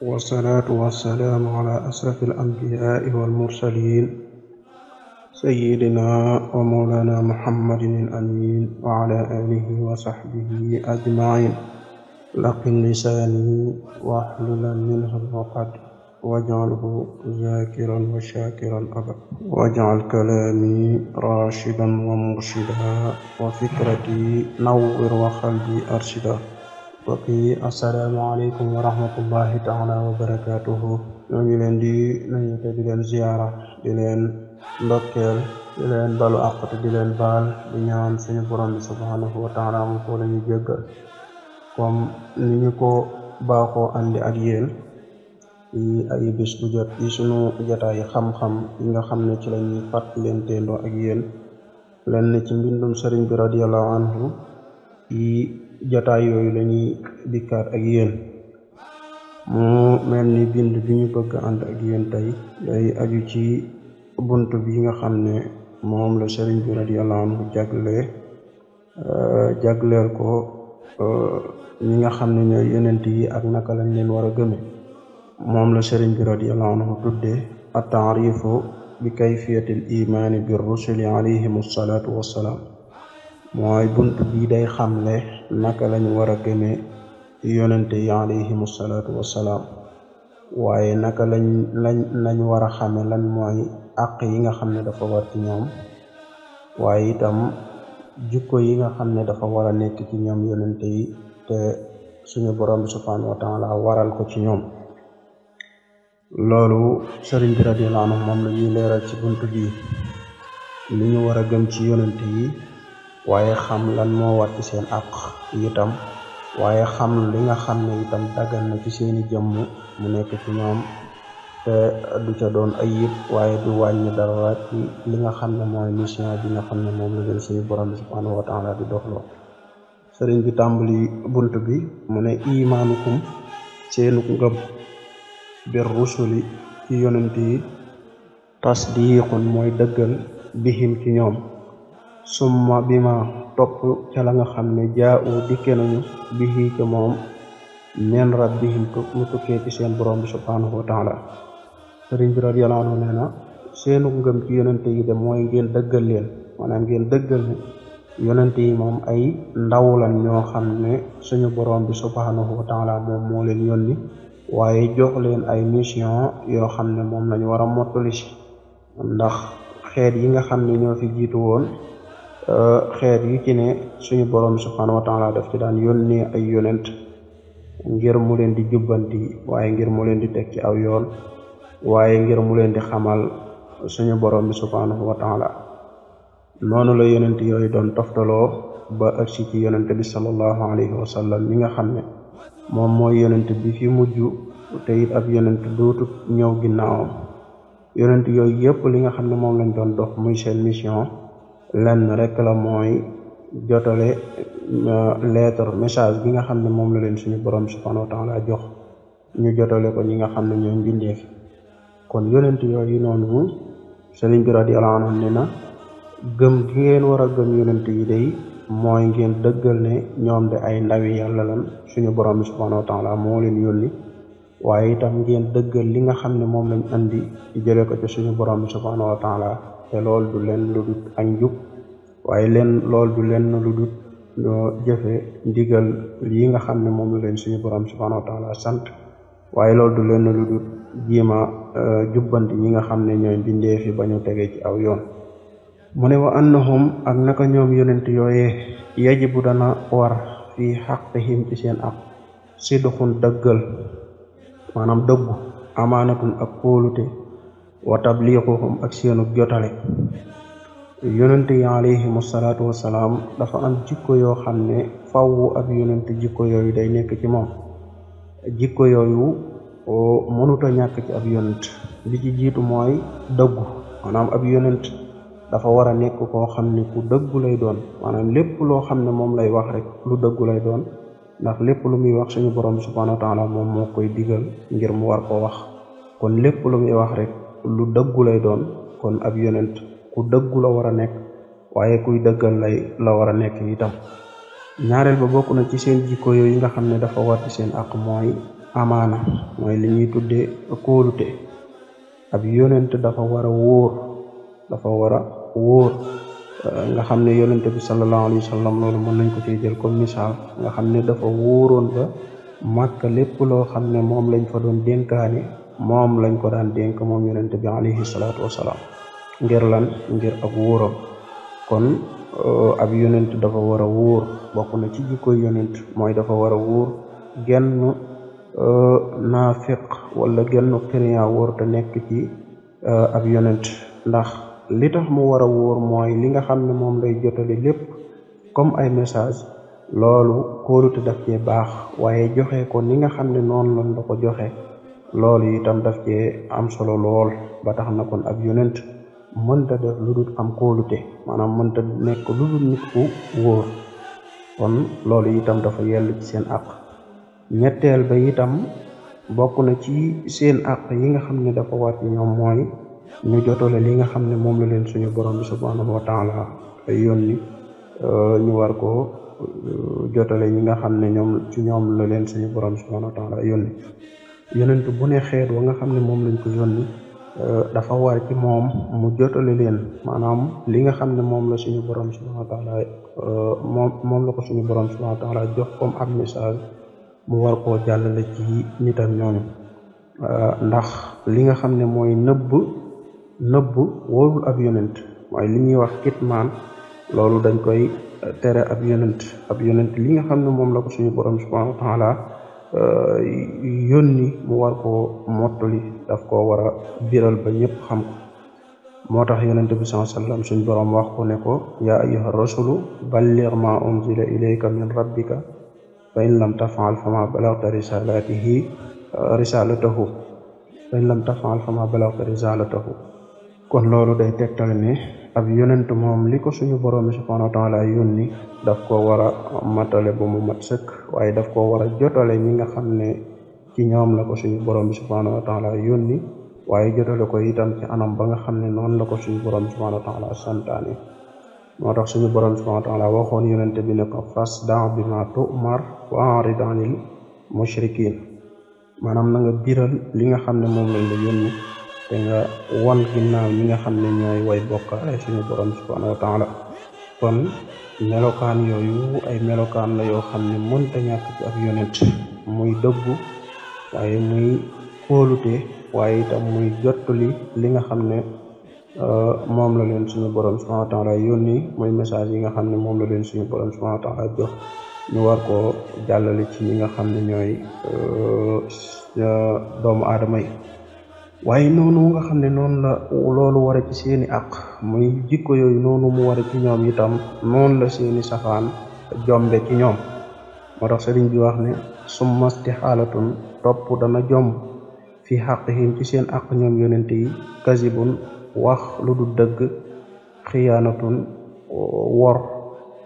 wasalaatu wasalaamu ala asrafi alambiyaai walmursalin sayidina wa mawlana muhammadin alamin wa ala alihi wa saxbihi ajmain laqin lisaani waxlulan minhu lwaqad wajcalhu zakiran wa shakiran abad wajcal kalaami rashidan wa murshida wa fikrati nawwir wa qalbi arshida mbokk yi asalaamaaleykum wa rahmatullahi taala wa barakaatuhu ñoo ngi leen di nuyu te di leen ziyaara di leen ndokkeel di leen balu àq te di leen baal di ñaan suñu borom bi subhanahu wa taala mu ko ñu jéggal comme ni ko baaxoo andi ak yéen yi ay bis bu jot yi suñu jotaayi xam-xam yi nga xam ne ci lañuy fàttalenteendoo ak yéen lenn ci mbindum sëriñ bi radiallahu anhu yi jataay yooyu lañuy dikkaat ak yéen mu mel ni bind bi ñu bëgg ànd ak yéen tey day aju ci bunt bi nga xam ne moom la sëriñ bi radiyallahu anhu jaglee euh, jagleel ko euh, ñi nga xam ne ñooy yenent yi ak naka lañ leen war a gëme moom la sëriñ bi radiyallahu anhu tuddee at bi kayfiyati l imaani bir rusuli alayhim assalatu wassalaam mooy bunt bi day xamle naka lañu war a gëme yonente yi alayhim salaatu wassalaam waaye naka lañ lañ lañ war a xame lan mooy àq yi nga xam ne dafa war ci ñoom waaye itam jikko yi nga xam ne dafa war a nekk ci ñoom yonente yi te suñu borom bi subhanahu waral ko ci ñoom loolu sëriñ bi radiyallahu anhu moom la ñuy leeral ci buntu bii li ñu war a gëm ci yonente yi waaye xam lan moo wat ci seen àq itam waaye xam li nga xam ne itam daggan na ci seeni jëmm mu nekk ci ñoom te du ca doon ay yëpp waaye du wàññi dara ci li nga xam ne mooy mission bi nga xam ne moom la leen suñu borom subhanahu wa taala di doxloo sëriñ bi tàmbali bunt bi mu ne imaanukum seenu ngëm bir rusuli ci yonent yi tasdiqun mooy dëggal bihim ci ñoom summa bi ma topp ca la nga xam ne jaa u dikke nañu bihi ca moom min rabbihim mu tukkee ci seen borom bi subhanahu wa taala sëriñ bi na seenu ngëm ci yonente yi de mooy ngeen dëggal leen maanaam ngeen dëggal ne yonente yi moom ay ndaw lan ñoo xam ne suñu borom bi subhanahu wa taala moom moo leen yónni waaye jox leen ay mission yoo xam ne moom lañu war a mottali si ndax xeet yi nga xam ne ñoo fi jiitu woon xeet yi ci ne suñu borom subhanahu wa taala daf ci daan yónnee ay yonent ngir mu leen di jubbanti waaye ngir mu leen di teg ci aw yoon waaye ngir mu leen di xamal suñu borom bi subhanahu wa taala noonu la yonent yooyu doon toftaloo ba agsi ci yonent bi sallallahu alayhi wa sallam mi nga xam ne moom mooy yonent bi fi mujj te it ab yonent dootu ñëw ginnaawam yonent yooyu yëpp li nga xam ne moom lañ doon dox muy seen mission lenn rek la mooy jotale euh, lettre message bi nga xam ne moom la leen suñu borom subhanahu wa taala jox ñu jotale ko ñi nga xam ne ñoo mbindeef kon yonent yooyu noonu sëriñ bi radiyallahu anhu ne na gëm gi ngeen war a gëm yonent yi day mooy ngeen dëggal ne ñoom de ay ndawi yàlla lan suñu borom bi subhanahu wa la moo leen yónni waaye itam ngeen dëggal li nga xam ne moom lañ indi jële ko ci suñu borom bi subhanahu wa taala te loolu du leen lu dul ak njub waaye leen loolu du leen lu dut doo jëfe ndigal lii nga xam ne moom leen suñu borom subhanahu wa la sant waaye loolu du leen lu dut jiima euh, jubbanti ñi nga xam ne ñooy bindee fi ba ñu tege ci aw yoon mu ne wa annahum ak naka ñoom yonent yooyee yajibu dana war fi xaqihim ci seen ak sidxun dëggal maanaam dëggu amaanatun ak kóolute wa tabliquhum ak seenu jotale yonent yi alayhim asalaatu salaam dafa am jikko yoo xam ne faw ab yonent jikko yooyu day nekk ci moom jikko yooyu mënuta ñàkk ci ab yonent li ci jiitu mooy dëggu maanaam ab yonent dafa war a nekk koo xam ne ku dëggu lay doon maanaam lépp loo xam ne moom lay wax rek lu dëggu lay doon ndax lépp lu muy wax suñu borom subhanahu wa taala moom moo koy digal ngir mu war koo wax kon lépp lu muy wax rek lu dëggu lay doon kon ab yonent ku dëggu la war a nekk waaye kuy dëggal lay la war a nekk itam ñaareel ba bokk na ci seen jikko yooyu nga xam ne dafa war ci seen ak mooy amaana mooy li ñuy tuddee kóolute ab yonent dafa war a wóor dafa war a wóor euh, nga xam ne yonent bi sallallahu alayhi wa sallam loolu mën nañ ko ci jël comme misaal nga xam ne dafa wóoroon ba màkk lépp loo xam ne moom lañ fa doon dénkaane moom lañ ko daan dénk moom yonent bi alayhi salaatu wasalaam ngir lan ngir ak wóoram kon euh, ab yonent dafa war a wóor bokk na ci jikko yonent mooy dafa war a wóor genn euh, naafiq wala genn client wóor te nekk ci euh, ab yonent ndax li tax mu war a wóor mooy li nga xam ne moom lay jotale lépp comme ay message loolu kóolute daf cee baax waaye joxe ko ni nga xam ne noonu lan la ko joxe loolu yitam daf cee am solo lool ba tax na kon ab yonent mënta def lu dul am kóolute maanaam mënta nekk lu dul nit ku wóor kon loolu itam dafa yellu ci seen àq ñetteel ba itam bokk na ci seen àq yi nga xam ne dafa war ñoom mooy ñu jotale li nga xam ne moom la leen suñu borom bi subhanahu wa taala yónni euh, ñu war ko euh, jotale ñi nga xam ne ñoom ci ñoom la leen suñu borom bi subhanahu wa taala yónni yonent bu ne xeet wa nga xam ne moom lañ ko yónni Euh, dafa war ci moom mu jotale leen maanaam li nga xam ne moom la suñu borom subhanahu wa taala euh, moom moom la ko suñu borom subhanahu wa taala jox comme ab message mu war koo jàllale ci nitam ñooñu euh, ndax li nga xam ne mooy nëbb nëbb wóorul ab yonent mooy li ñuy wax kitmaan loolu dañ koy tere ab yonent ab yonent li nga xam ne moom la ko suñu borom subhanahu wa Euh, yónni mu war koo mottali daf koo war a biral ba ñëpp xam ko moo tax yonente bi saa sallam suñ boroom wax ko ne ko a ayyuha rasulu balligh ma unzila ilayka min rabbika fa in lam tafaal fama balagta risalatihi euh, risalatahu fa in lam tafaal fama balagta risalatahu kon loolu day tegtal ne ab yonent moom li ko suñu borom bi subhanahu wa taala yónni daf ko war a matale ba mu mat sëkk waaye daf ko war a jotale mi nga xam ne ci ñoom la ko suñu borom bi subhanahu wa taala yónni waaye jotale ko itam ci anam ba nga xam ne noonu la ko suñu borom bi subhanahu wa taala santaane moo tax suñu borom bi subhanahu wa taala waxoon yonent bi ne ko fasda' bimaa tu'mar ma a'rid 'anil mushrikiin maanaam na nga biral li nga xam ne moom lañ la yónni te nga wan ginnaaw ñi nga xam ne ñooy way bokkaale suñu borom subhanahu wa taala kon melokaan yooyu ay melokaan la yoo xam ne mënta ñàkk ci ab waaye muy kóolute waaye muy jottali li nga xam ne euh, moom la leen suñu borom subhanahu wa taala yónni muy message yi nga xam ne moom la leen suñu borom subhanahu wa taala jox ñu war koo jàllale ci ñi nga xam ne ñooy euh, doomu aadama yi waaye noonu nga xam ne noonu la loolu war ci seeni àq muy jikko yooyu noonu mu war ci ñoom itam noonu la seeni safaan jombe ci ñoom moo tax sëriñ bi wax ne summa istihaalatun topp dana jomb fi xaqihim ci seen àq ñoom yonente yi kasibun wax lu du dëgg xiyaanatun wor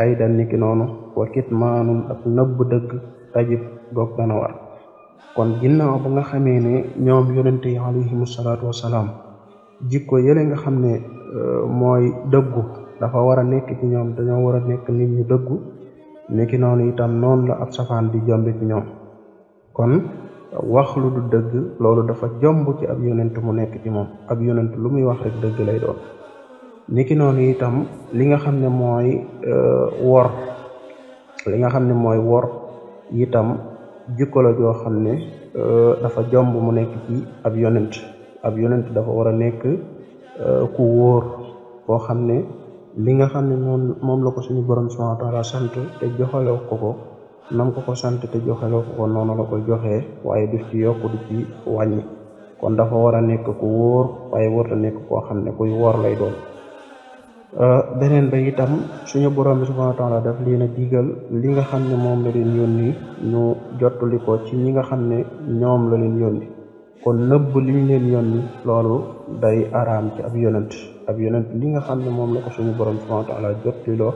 ay danni ki noonu wa kitmaanum ak nëbb dëgg tajib goog dana war kon ginnaaw ba nga xamee ne ñoom yonente yi alayhimu salaatu wasalaam jikko yële nga xam ne euh, mooy dëggu dafa war a nekk ci ñoom dañoo war a nekk nit ñu dëggu nekki noonu itam noonu la ab safaan di jombe ci ñoom kon wax dëgg loolu dafa jomb ci ab yonent mu nekk ci moom ab yonent lu muy wax rek dëgg lay doon niki itam li nga xam ne mooy euh, wor li nga xam ne mooy wor itam jikko la joo xam ne euh, dafa jomb mu nekk ci ab yonent ab yonent dafa war a nekk euh, ku wóor koo xam ne li nga xam ne moom la ko suñu borom subhanahu wa taala sant te joxale ko ko nam ko ko sant te joxale ko ko noonu la koy joxee waaye du ci yokk du ci wàññi kon dafa war a nekk ku wóor waaye warta nekk koo xam ne kuy wóor lay doon Euh, beneen ba itam suñu borom bi subhanahu wa taala daf leen a digal lii nga xam ne moom la leen yónni ñu jottali ko ci ñi nga xam ne ñoom la leen yónni kon nëbb li ñu leen yónni loolu day araam ci ab yonent ab yonent li nga xam ne moom la ko suñu borom bi subhanahu wa taala jottiloo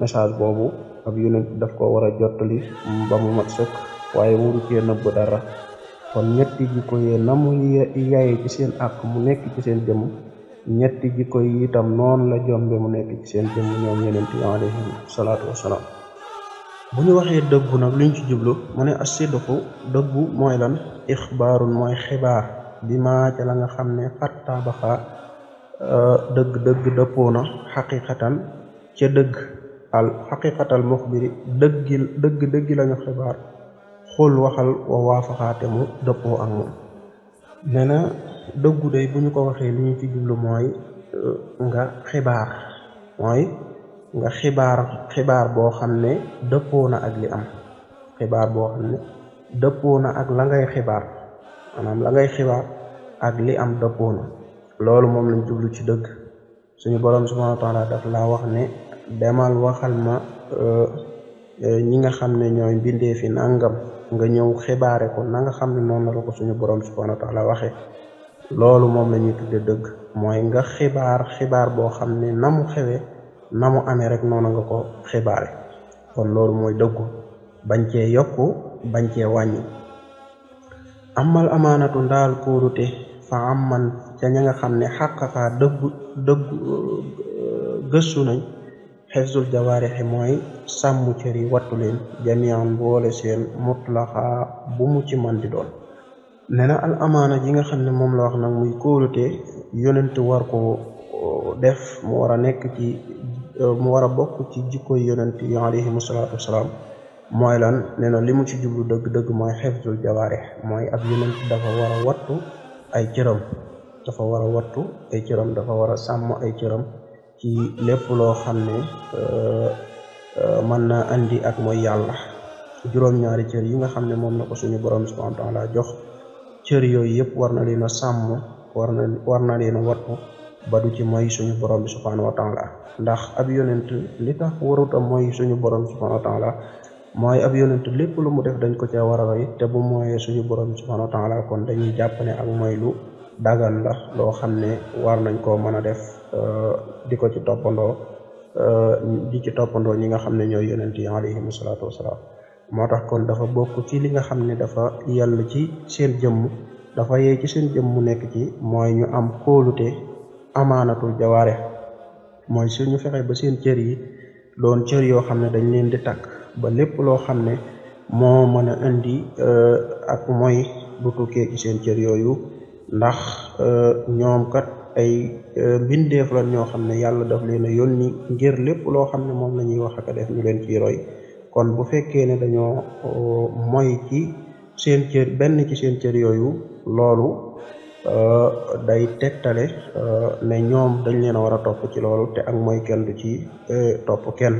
message boobu ab yonent daf ko war a jottali ba mu mat sëkk waaye waru cee ko dara kon ñetti jikko yee na mu yaye ci seen àq mu nekk ci seen jëmm ñetti jikko yi itam noonu la jombe mu nekk seen jëmm ñoom yeneen yi alayhim salaatu wasalaam bu ñu waxee dëggu nag luñ ci jublu mu ne asidqu dëggu mooy lan ixbaarun mooy xibaar bi maa la nga xam ne xattaa baxa euh, dëgg dëgg dëppoo na xaqiqatan ca dëgg al xaqiqatal muxbiri dëggi dëggi lañu xibaar xool waxal wa waafaxaate mu dëppoo ak moom nee na dëggu de bu ñu ko waxee li ñu ci jublu mooy euh, nga xibaar mooy nga xibaar xibaar boo xam ne dëppoo na ak li am xibaar boo dëppoo na ak la ngay xibaar maanaam la ngay xibaar ak li am dëppoo loolu moom lañ jublu ci dëgg suñu borom subhanahu wa taala daf laa wax ne demal waxal ma euh, euh, ñi nga xam ne ñooy mbindee fi nangam nga ñëw xibaare ko nanga xam ne noonu la ko suñu borom subhanahu wa la waxee loolu moom la ñuy tudde dëgg mooy nga xibaar xibaar boo xam ne na mu xewe na mu rek noonu nga ko xibaare kon loolu mooy dëggu bañ cee yokku bañ cee wàññi amal amaanatu ndaal kóorute fa am man ca ña nga xam ne xàqaqa dëggu dëggu euh, gëstu nañ xefsul jawaarixi mooy sàmm cër yi wattu leen jamian boole seen mutlaxa bu mu ci man di doon nee na al amaana yi nga xam ne moom la wax nag muy kóolute yonent war ko uh, def mu war a nekk ci uh, mu war a bokk ci jikko yonent yi alayhimu salaatu wasalaam mooy lan nee na li mu ci jublu dëgg-dëgg mooy xefzul jawaarix mooy ab yonent dafa war a wattu ay cëram dafa war a wattu ay cëram dafa war a sàmm ay cëram ci lépp loo xam ne uh, man naa indi ak mooy yàlla juróom-ñaari cër yi nga xam ne moom na ko suñu borom subhanahu wa jox cër yooyu yëpp war na leen na sàmm war na war na leen a wattu ba du ci mooy suñu borom bi subhanahu wa taala ndax ab yonent li tax waruta mooy suñu borom bi subhanahu wa mooy ab yonent lépp lu mu def dañ ko cee war a te bu mooyee suñu borom bi subhanahu wa taala kon dañuy jàppane ne ak mooy lu dagan la loo xam ne war nañ koo mën a def euh, di ko ci toppandoo euh, di ci toppandoo ñi nga xam ne ñoo yonent yi alayhim salaatu wasalaam moo tax kon dafa bokk ci li nga xam ne dafa yàlla ci seen jëmm dafa yey ci seen jëmm mu nekk ci mooy ñu am kóolute amaanatul jawaare mooy ñu fexe ba seen cër yi doon cër yoo xam ne dañ leen di takk ba lépp loo xam ne moo mën a indi euh, ak mooy du tukkee ci yooyu ndax euh, ñoom kat ay euh, mbindeef la ñoo xam ne yàlla daf leen a yónni ngir lépp loo xam ne moom la ñuy wax ak def ñu leen ciy roy kon bu fekkee ne dañoo moy ci seen cër benn ci seen cër yooyu loolu e, day tegtale e, ne ñoom dañ leen a war a topp ci loolu te ak mooy kenn du ci e, topp kenn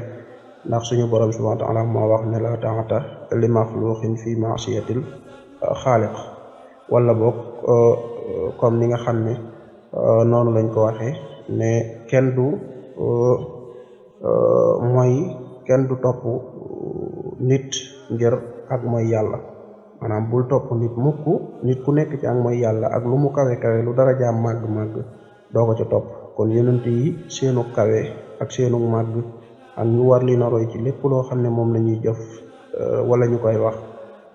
ndax suñu borom subhanahu wa taala moo wax ne la taata li maxluqin fi maasiyatil xaaliq wala boog comme ni nga xam ne noonu lañ ko waxee ne kenn du kenn du topp uh, nit ngir ak mooy yàlla maanaam bul topp nit mukk nit ku nekk ci ak mooy yàlla ak lu mu kawe kawe lu dara jaam màgg-màgg doo ci ca topp kon yonent yi seenu kawe ak seenu màgg ak ñu war li roy ci lépp loo xam ne moom la ñuy jëf uh, wala ñu koy wax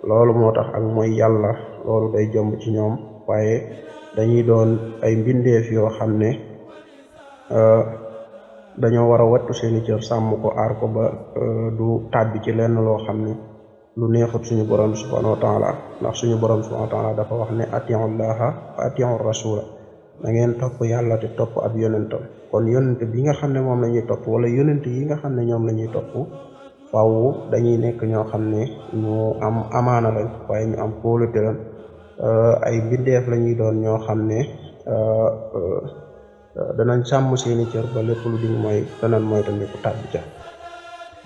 loolu moo tax ak mooy yàlla loolu day jomb ci ñoom waaye dañuy doon ay mbindeef yoo xam ne uh, dañoo war a wattu seeni cër sàmm ko aar ko ba euh, du tàbbi ci lenn loo xam ne lu neexut suñu borom bi subhanahu wa taala ndax suñu borom bi subhanahu wa taala dafa wax ne atiu llaha wa atiu rasula da ngeen topp yàlla te topp ab yonentam kon yonent bi nga xam ne moom la ñuy topp wala yonent yi nga xam ne ñoom la ñuy topp faaw dañuy nekk ñoo xam ne ñu am amaana lañ waaye ñu am kóolute euh, ay bindeef la ñuy doon ñoo xam ne euh, Euh, danañ sàmm seeni cër ba lépp lu diñ mooy danañ mooy tamit ku tàbbi ca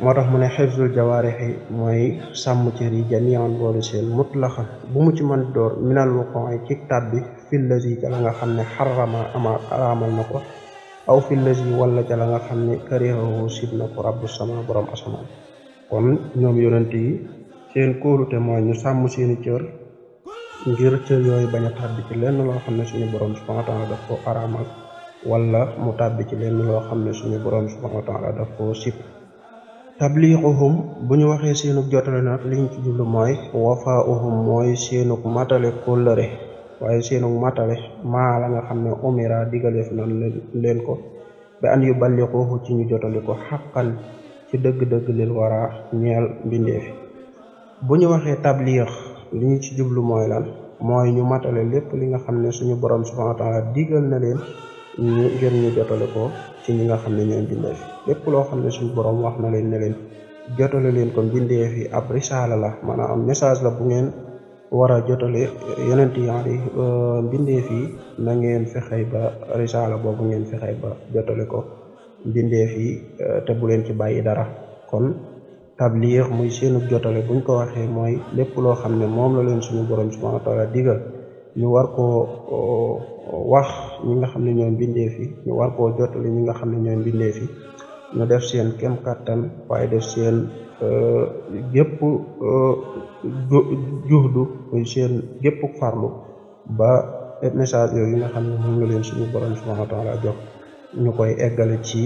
moo tax mu ne xefsul jawaarixi mooy sàmm cër yi jamian boole seen mutlaxan bu mu ci man door minal wuqon ci tàbbi fillazi ca la nga xam ne xarama ma ko aw fillazi wala ca la nga xam ne karihahu sib na ko rabbu sama borom asamaan kon ñoom yonent yi seen kóolute mooy ñu sàmm seeni cër ngir cër yooyu bañ a tàbbi ci lenn loo xam ne suñu borom subhanahu wa wala mu tàbbi ci lenn loo xam ne suñu borom subhanahu wa taala daf koo sib tabliixuhum bu ñu waxee seenug jotale nag liñ ci jublu mooy wafaauhum mooy seenug matale kóllëre waaye seenug matale maa la nga xam ne umira digaleef nan leen ko ba an yu ballixuhu ci ñu jotali ko xaqan ci dëgg-dëgg lil wara ñeel mbindeefi bu ñu waxee tabliix li ci jublu mooy lan mooy ñu matale lépp li nga xam ne suñu borom subhanahu wa taala digal na leen ñu ngir ñu jotale ko ci ñi nga xam ne ñooy mbindeef lépp loo xam ne suñu borom wax na leen ne leen jotale leen ko mbindeef yi ab risaala la am message la bu ngeen war a jotale yonent yi mbindeef euh, yi na ngeen fexey ba risaala boobu ngeen fexey ba jotale ko mbindeef yi euh, te bu leen ci bàyyi dara kon tabliix muy seenu jotale buñ ko waxee mooy lépp loo xam ne moom la leen suñu borom subhanahu wa taala digal ñu war ko euh, wax ñi nga xam ne ñooy mbindeef yi ñu war koo jottali ñi nga xam ne ñooy mbindeef yi ñu def seen kem kàttan waaye def seen euh, gépp euh, juhdu du seen gépp farlu ba message yooyu nga xam ne moom leen suñu boroom subhanahu wa taala jox ñu koy eggale ci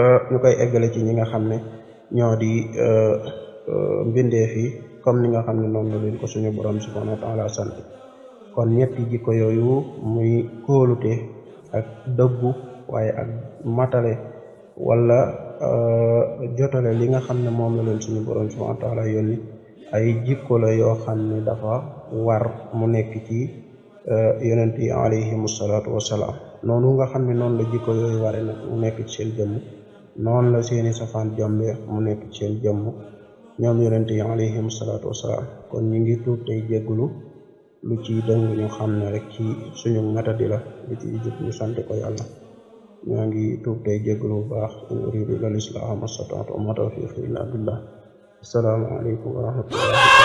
euh, ñu koy eggale ci ñi nga xam ne ñoo di mbindeef yi comme ni nga xam ne noonu la leen ko suñu borom subhanahu kon ñetti jikko yooyu muy kóolute ak dëggu waaye ak matale wala euh, jotale li nga xam ne moom la leen suñu borom subhanahu wa taala yónni ay jikko la yoo xam ne dafa war mu nekk ci euh, yonent yi alayhim salaatu wasalaam noonu nga xam ne noonu la jikko yooyu mu nekk ci seen jëmm noonu la seeni safaan jombe mu nekk ci seen jëmm ñoom yonent yi alayhim salaatu wasalaam kon ñu ngi tuub tey jéggulu lu ci dëng ñu xam na rek ci suñu matadi la lu ci jub ñu sant ko yàlla ñaa ngi tuub tey jéggalu bu baax in uridu ilal islaaha mastata'tu wa ma tawfiqi illa billah assalaamu aleykum wa rahmatullah